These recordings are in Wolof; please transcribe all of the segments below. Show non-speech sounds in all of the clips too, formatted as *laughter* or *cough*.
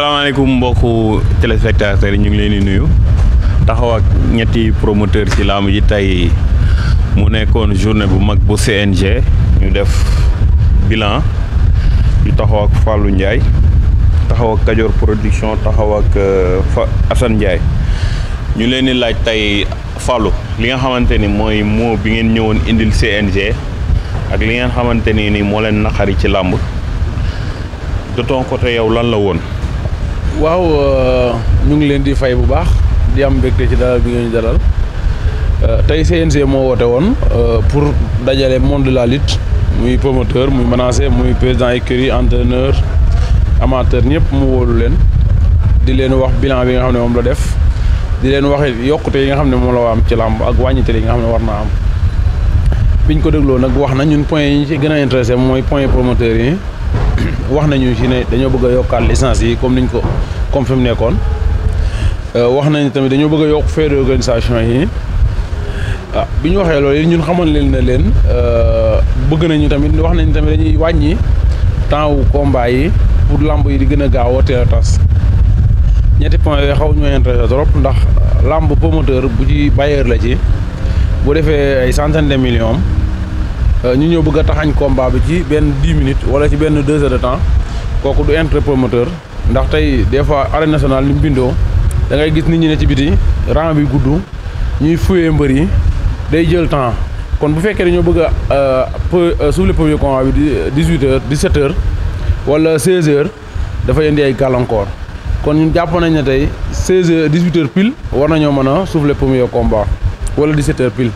salaamaaleykum mbokku téléspectateurs yi ñu ngi leen di nuyu taxaw ak ñetti promoteur ci làmb ji tey mu nekkoon journée bu mag bu CNG ñu def bilan ñu taxaw ak Fallou Ndiaye taxaw ak Kajoor production taxaw ak euh, fa Assane ñu leen di laaj tey Fallou li nga xamante ni mooy moo bi ngeen ñëwoon indil CNG ak li ngeen xamante ni ni moo leen naqari ci làmb de ton côté yow lan la woon. waaw euh, ñu ngi leen di fay bu baax di am mbégte ci dalal bi ngeen dalal euh, tey CNG moo woote woon euh, pour dajale monde de la lutte muy promoteur muy menacé muy président écurie entraîneur amateur ñëpp mu woolu leen di leen wax bilan bi nga xam ne moom la def di leen wax yokkute yi nga xam ne moom la am ci làmb ak wàññite yi nga xam ne war naa am biñ ko dégloo nag wax na ñun point yi ñu ci gën a intéressé mooy point promoteur yi. *coughs* wax nañu ci ne dañoo bëgg a yokkaat licence yi comme niñ ko comme fi mu nekkoon euh, wax nañ tamit dañoo bëgg a yokk frais d'organisation yi ah bi ñu waxee loolu ñun xamoon leen ne leen euh, bëgg nañu tamit wax nañ tamit dañuy wàññi temps wu combat yi pour lamb yi di gën a gaaw a teel a tas ñetti point yooyu xaw ñoo intéressé trop ndax lamb promoteur bu ci bailleur la ci bu defee ay centaine millions Euh, ñu ñëw bëgg a taxañ combat bi ci benn 10 minutes wala ci benn 2 heures de temps kooku du intérêt promoteur ndax tey des fois arène nationale ni mu bindoo da gis nit ñi ne ci biti rang bi gudd ñuy fuyee mbër yi day jël temps kon bu fekkee dañoo bëgg a euh, peu euh, souffler premier combat bi di 18 heures 17 heures wala 16 heures dafay indi ay gàllankoor kon ñu jàpp nañ ne tey 16 heures 18 heures pile war nañoo mën a souffler premier combat wala 17 heures pile.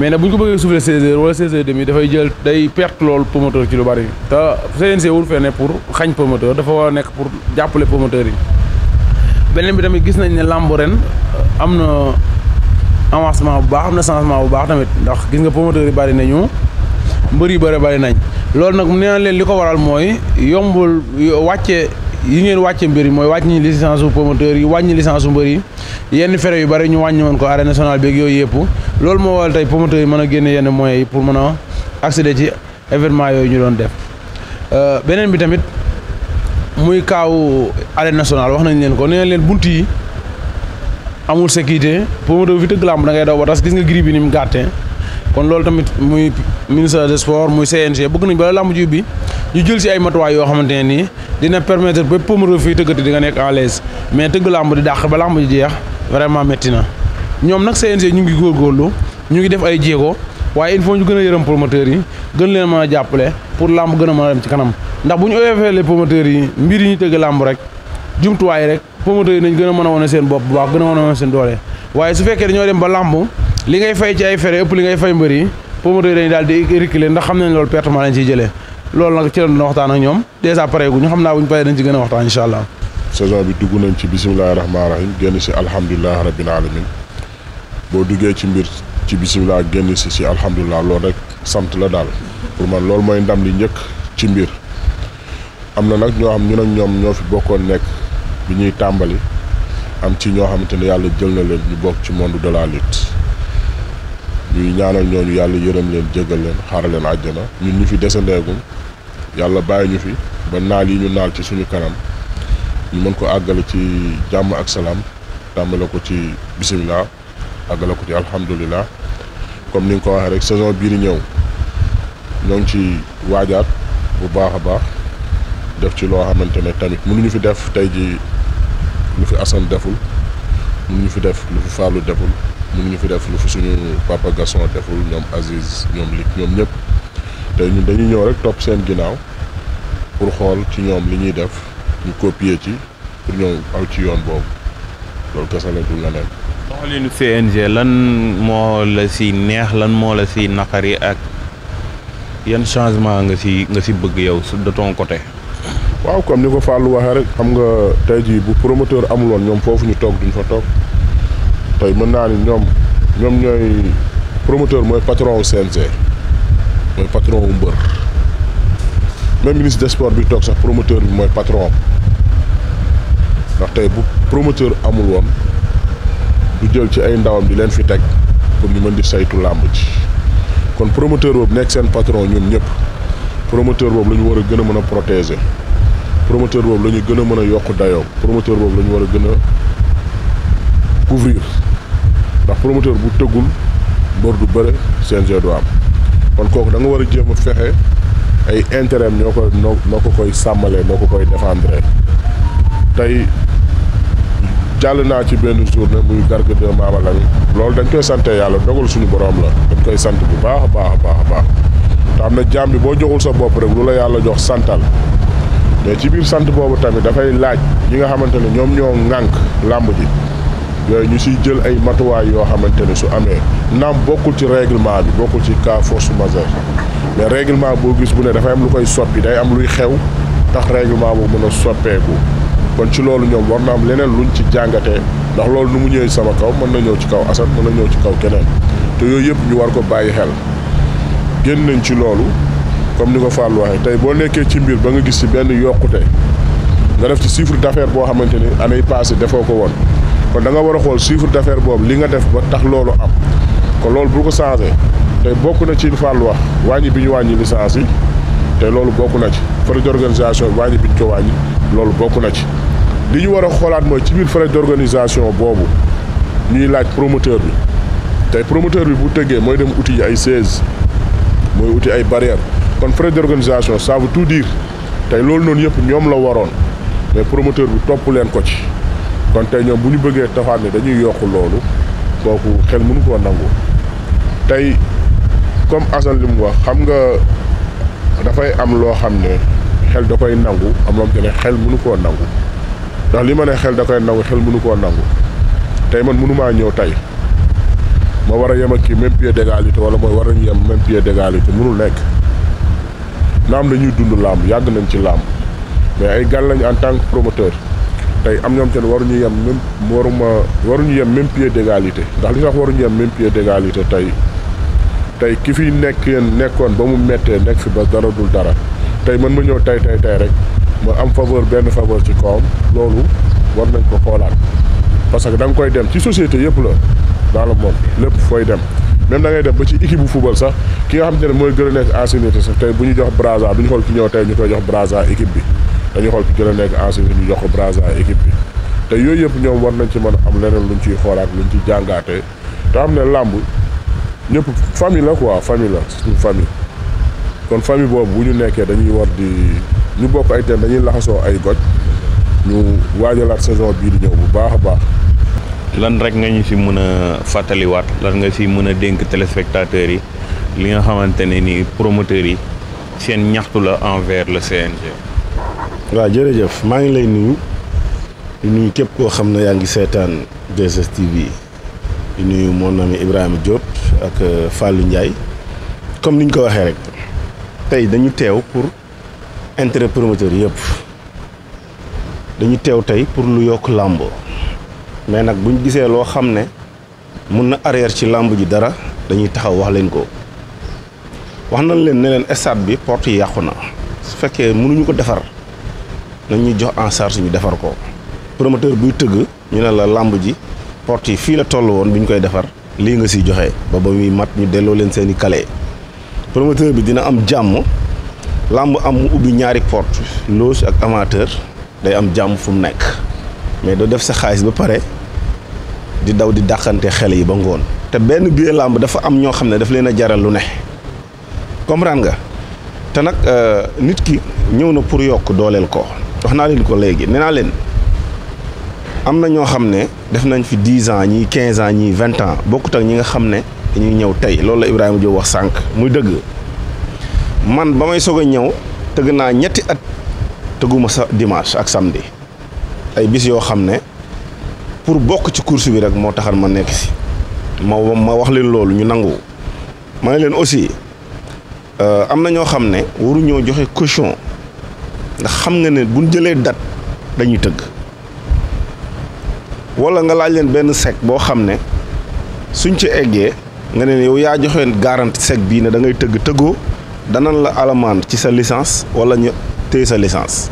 mais nag bu ñu ko bëggee souffler 16 heures wala 16 heures demi dafay jël day perte loolu promoteur ci lu bari te CNG wul fee pour xañ promoteur dafa war a nekk pour jàppale promoteur yi beneen bi tamit gis nañ ne làmb ren euh, am na avancement bu baax am na changement bu baax tamit ndax gis nga promoteur yi bari nañu mbër yi bëri bari nañ loolu nag nee na leen li ko waral mooy yombul wàcce yi ngeen wàcce mbir yi mooy wàññi licence su promoteur yi wàññi licence su mbër yenn fere yu bari ñu wàññi woon ko arène nationale beeg yooyu yëpp loolu moo waral tey promoteurs yi mën a génne yenn moyens yi pour mën a accéder ci événement yooyu ñu doon def euh, beneen bi tamit muy kaaw arène national wax nañ leen ko nee leen bunt yi amul sécurité promoteur bi fi tëgg làmb da ngay daw ba tas gis nga gris bi ni mu gàttee kon loolu tamit muy ministre des sports muy CNG bëgg nañ bala làmb ji ubbi ñu jël si ay matuwaay yoo xamante ne nii dina permettre ba promoteur fii tëggati di nga nekk en l'aise mais tëgg làmb di dàq ba làmb ji jeex vraiment métti ñoom nag CNG ñu ngi góorgóorlu ñu ngi def ay jéego waaye il faut ñu gën a yërëm promoteurs yi gën leen mën a jàppale pour làmb gën a mën a dem ci kanam ndax bu ñu oyofeelee promoteurs yi mbir yi ñu tëgg làmb rek jumtuwaay rek promoteurs yi nañ gën a mën a wane seen bopp bu baax gën a mën a wane seen doole waaye su fekkee dañoo dem ba làmb li ngay fay ci ay fere ëpp li ngay fay mbër yi promoteurs yi dañuy daal di reculer ndax xam nañ loolu pertement lañ ciy jëlee loolu nag ci lañ ñoom dèjà pare gu ñu xam naa bu ñu paree dañ ci a waxtaan incha allah saison bi dugg ci bisimilahi rahmaani rahim si alhamdulilahi rabbil alamin boo duggee ci mbir ci bisimilah génn si si alhamdulilah lool rek sant la daal pour man loolu mooy ndam li njëkk ci mbir am na nag ñoo xam ñun ak ñoom ñoo fi bokkoon nekk bi ñuy tàmbali am ci ñoo xamante ne yàlla jël na leen ñu bokk ci monde de la lutte ñuy ñaanal ñooñu yàlla yërëm leen jéggal leen xaaral leen àjjana ñun ñu fi desandeegum yàlla bàyyi ñu fi ba naal yi ñu naal ci suñu kanam ñu mën ko àggale ci jàmm ak salaam tàmbale ko ci bisimilah. àggale ko ci alhamdulilah comme ni nga ko waxee rek saison bii di ñëw ñoo ngi ci waajaat bu baax a baax def ci loo xamante ne tamit ñu fi def tey ji lu fi Assane deful mënuñu fi def lu fi Fallou deful mënuñu fi def lu fi suñu papa Gasson deful ñoom Aziz ñoom Lig ñoom ñëpp tey dañuy ñëw rek topp seen ginnaaw pour xool ci ñoom li ñuy def ñu copier ci pour ñëw aw ci yoon boobu loolu kese lañ dul leneen doxalinu CNG lan moo la si neex lan moo la si naqari ak yan changement nga si nga si bëgg yow de ton côté. waaw comme ni ko Fallou waxee rek xam nga tey jii bu promoteur amuloon ñoom foofu ñu toog duñ fa toog tey mën naa ni ñoom ñoom ñooy promoteur mooy patron wu CNG mooy patron wu mbër même ministre des sports bi toog sax promoteur bi mooy patron ndax tey bu promoteur amul woon. du jël ci ay ndawam di leen fi teg pour ñu mën di saytu làmb ci kon promoteur boobu nekk seen patron ñun ñëpp promoteur boobu la ñu war a gën a mën a protéger promoteur boobu la ñu gën a mën a yokk dayoo promoteur boobu la ñu war a gën a couvrir ndax promoteur bu tëggul mbër du bëre CNG du am kon kooku da nga war a jéem fexe ay intérêt am ñoo ko noo ko koy sàmmale noo ko koy défendre tey jàll naa ci benn journée muy Garga 2 Mama Lamine loolu dañ koy sante yàlla dogal suñu borom la dañ koy sant bu baax a baax a baax a baax te am na jàmm bi boo joxul sa bopp rek lu la yàlla jox santal mais ci biir sant boobu tamit dafay laaj ñi nga xamante ne ñoom ñoo ŋànk làmb ji yooyu ñu siy jël ay matuwaay yoo xamante ne su amee naam bokkul ci réglement bi bokkul ci cas force majeure mais règlement boo gis bu ne dafay am lu koy soppi day am luy xew tax règlement bu mën a soppeeku kon ci loolu ñoom war na am leneen luñ ci jàngatee ndax loolu nu mu ñëwee sama kaw mën na ñëw ci kaw Assane mën na ñëw ci kaw keneen te yooyu yëpp ñu war ko bàyyi xel génn nañ ci loolu comme ni ko Fallou waxee tey boo nekkee ci mbir ba nga gis ci benn yokkute nga def ci chiffre d'affaires boo xamante ni année passée defoo ko woon kon da war a xool chiffre d'affaires boobu li nga def ba tax loolu am kon loolu bu ko changé tey bokk na ci Fallou wax wàññi bi ñu wàññi licence yi te loolu bokk na ci frais d'organisation wàññi bi ñu ko wàññi loolu bokk na ci li ñu war a xoolaat mooy ci biir frais organisation boobu ñuy laaj promoteur bi tey promoteur bi bu tëggee mooy dem uti ay seize mooy uti ay barrière kon frais d'organisation ça veut tout dire tey loolu noonu yëpp ñoom la waroon mais promoteur bi topp leen ko ci kon tey ñoom bu ñu bëggee taxaat yi dañuy yokk loolu kooku xel mënu koo nangu tey comme Assane li mu wax xam nga dafay am loo xam ne xel da koy nangu am loo xam ne xel mënu koo nangu ndax li ma ne xel da koy nangu xel mënu koo nangu tey man mënumaa ñëw tey ma war a yem ak kii même pied d'égalité wala mooy war a yem même pied d'égalité mënul nekk naam dañuy dund làmb yàgg nañ ci làmb mais ay gan lañ en tant que promoteur tey am ñoom seen waruñu yem même waruma waruñu yem même pied d'égalité ndax li tax waruñu yem même pied d'égalité tey tey ki fi nekk yéen nekkoon ba mu méttee nekk fi ba dara dul dara tey man ma ñëw tey tey tey rek ba am faveur benn faveur ci kawam loolu war nañ ko xoolaat parce que da koy dem ci société yëpp la daal moom lépp fooy dem même da ngay dem ba ci équipe bu football sax ki nga xam ne mooy gën a nekk ancienneté sax bu ñu jox Braza du ñu xool ki ñëw tey ñu koy jox Braza équipe bi dañuy xool ki gën a nekk ancienneté ñu jox ko Braza équipe bi te yooyu yëpp ñoom war nañ ci mën a am leneen luñ ciy xoolaat luñ ci jàngaatee te am ne làmb ñëpp famille la quoi famille la suñu famille kon famille boobu bu ñu nekkee dañuy war di ñu bokk ay teen dañuy laxasoo ay goj ñu waajalaat saison bii di ñëw bu baax a baax. lan rek nga ñu si mën a fàttaliwaat lan nga ci mën a dénk téléspectateurs yi li nga xamante ne ni promoteurs yi seen ñaxtu la envers le CNG. waaw jërëjëf maa ngi lay nuyu di nuyu képp koo xam ne yaa ngi seetaan 2STV di nuyu mon ami Ibrahima Diop ak euh, Fallou Ndiaye comme niñ ko waxee rek tey dañu teew pour. intérêt promoteur yëpp dañuy teew tey pour lu yokk làmb mais nag buñ gisee loo xam ne mun na arrière ci làmb ji dara dañuy taxaw wax leen ko wax na leen ne leen bi porte yi yàqu na su fekkee mënuñu ko defar nañ ñu jox en charge ñu defar ko promoteur buy tëgg ñu ne la làmb ji porte yi fii la toll woon bi ñu koy defar lii nga siy joxe ba ba muy mat ñu delloo leen seen i kale promoteur bi dina am jàmm làmb am mu ubbi ñaari port loge ak amateur day am jàmm fu mu nekk mais doo def sa xaalis ba pare di daw di dàqante xel yi ba ngoon te benn billet làmb dafa am ñoo xam ne daf leen a jaral lu ne comprendre nga te nag euh, nit ki ñëw na pour yokk dooleel ko wax naa leen ko léegi nee naa leen am na ñoo xam ne def nañ fi dix ans ñii quinze ans ñii vingt ans bokkut ak ñi nga xam ne dañuy ñëw tey loolu la Ibrahima Diop wax sànq muy dëgg man ba may soog a ñëw tëgg naa ñetti at tëgguma sa dimanche ak samedi ay bis yoo xam ne pour bokk ci course bi rek moo taxal ma nekk si ma ma wax leen loolu ñu nangu ma leen aussi euh, am na ñoo xam ne waruñoo joxe caution ndax xam nga ne buñ jëlee date dañuy tëgg wala nga laaj leen benn sec boo xam ne suñ ci eggee nga neen yow yaa joxe garanti sec bii ne da ngay tëgg tëggoo. danañ la alamaan ci sa licence wala ñu téye sa licence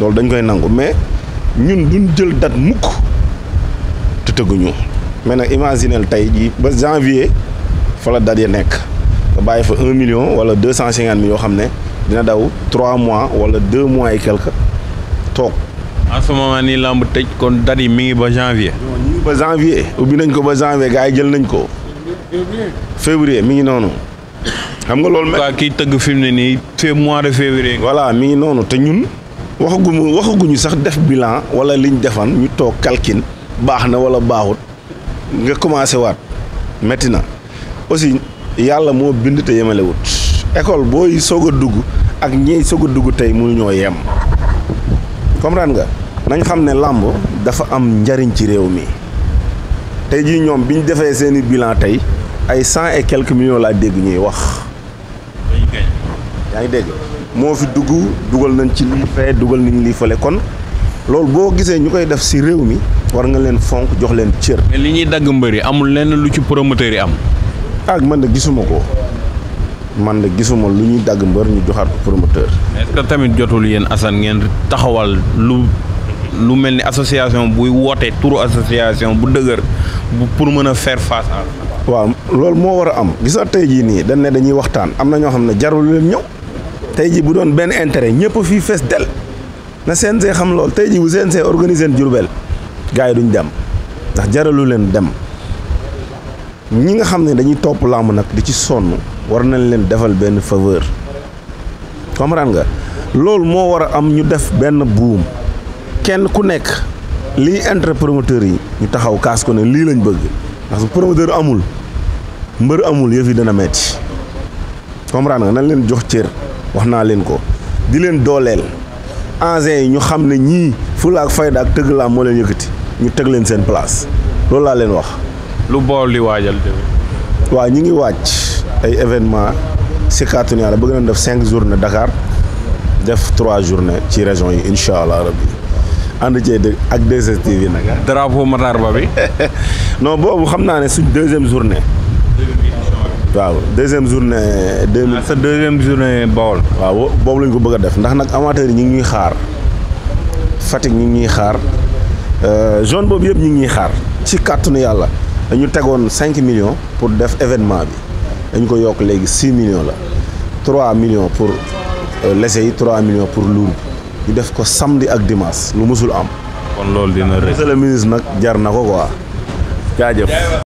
loolu dañ koy nangu mais ñun duñ jël date mukk te tëgguñu mais nag imaginel tey jii ba janvier fa la date ya nekk nga bàyyi fa un million wala deux cent cinquante yoo xam ne dina daw trois mois wala deux mois et quelque toog. en ce moment lamb tëj kon date yi mi ngi ba janvier. ñu ubbi nañ ko ba janvier gars yi jël nañ ko. février mi ngi noonu. xam nga loolu. waaw kiy tëgg fi mu ne nii fii mois de février. voilà mi ngi noonu te ñun waxaguñu waxaguñu sax def bilan wala liñ defan ñu toog kalkin baax na wala baaxut nga commencé waat métti na aussi yàlla moo bind te yemalewut école booy soog a dugg ak ñiy sog a dugg tey mu ñoo yem comprendre nga nañ xam ne làmb dafa am njariñ ci réew mi tey jii ñoom bi ñu defee seeni bilan tey ay cent et quelques millions laa dégg ñuy wax yaa ngi moo fi dugg dugal nañ ci lii fee dugal nañ lii fële kon loolu boo gisee ñu koy def si réew mi war nga leen fonk jox leen cër. li ñuy dagg yi amul lenn lu ci promoteur yi am. ak ah, mën de gisuma ko mën de gisuma lu ñuy dagg mbër ñu joxaat ko promoteur. est tamit jotul yéen Assane ngeen taxawal lu lu mel ni association buy woote turu association bu dëgër bu pour mën a faire face à. waaw loolu moo war a am gis nga tey jii nii dañ ne dañuy waxtaan am na ñoo xam ne jarul leen ñëw. tey ji bu doon benn intérêt ñëpp fii fees del na CNG xam lool tey ji bu CNG organisé Diourbel gars yi duñ dem ndax jaralu leen dem ñi nga xam ne dañuy topp làmb nag di ci sonn war nañ leen defal benn faveur comprendre nga loolu moo war a am ñu def benn buum kenn ku nekk lii entre promoteur yi ñu taxaw kaas ko ne lii lañ bëgg ndax su promoteur amul mbër amul yëf yi dana metti comprendre nga nañ leen jox cër wax naa leen ko di leen dooleel engins yi ñu xam ne ñii fulla ak fayda ak tëgg laa moo leen yëkkati ñu teg leen seen place loolu laa leen wax. lu bool li waajal waa waaw ñu ngi wàcc ay événement si kàttanu ba bëgg nañ def cinq journées Dakar def trois journées ci région yi incha allah rabbi ànd cee ak 2STV nag. drapeau Matar Ba bi. *laughs* non boobu xam naa ne suñ deuxième journée. waaw deuxième journée. deux ah, deuxième journée Bawol. waaw boobu lañ ko bëgg a def ndax nag amateurs yi ñu ngi ñuy xaar Fatick ñu ngi ñuy xaar euh, zone boobu yëpp ñu ngi xaar ci kàttanu yàlla dañu tegoon cinq millions pour def événement bi dañ ko yokk léegi six millions la trois millions pour euh, lese yi trois millions pour luur ñu def ko samedi ak dimanche lu mosul am. kon loolu dina rëy monsieur le ministre nag jar na ko quoi. jaajëf.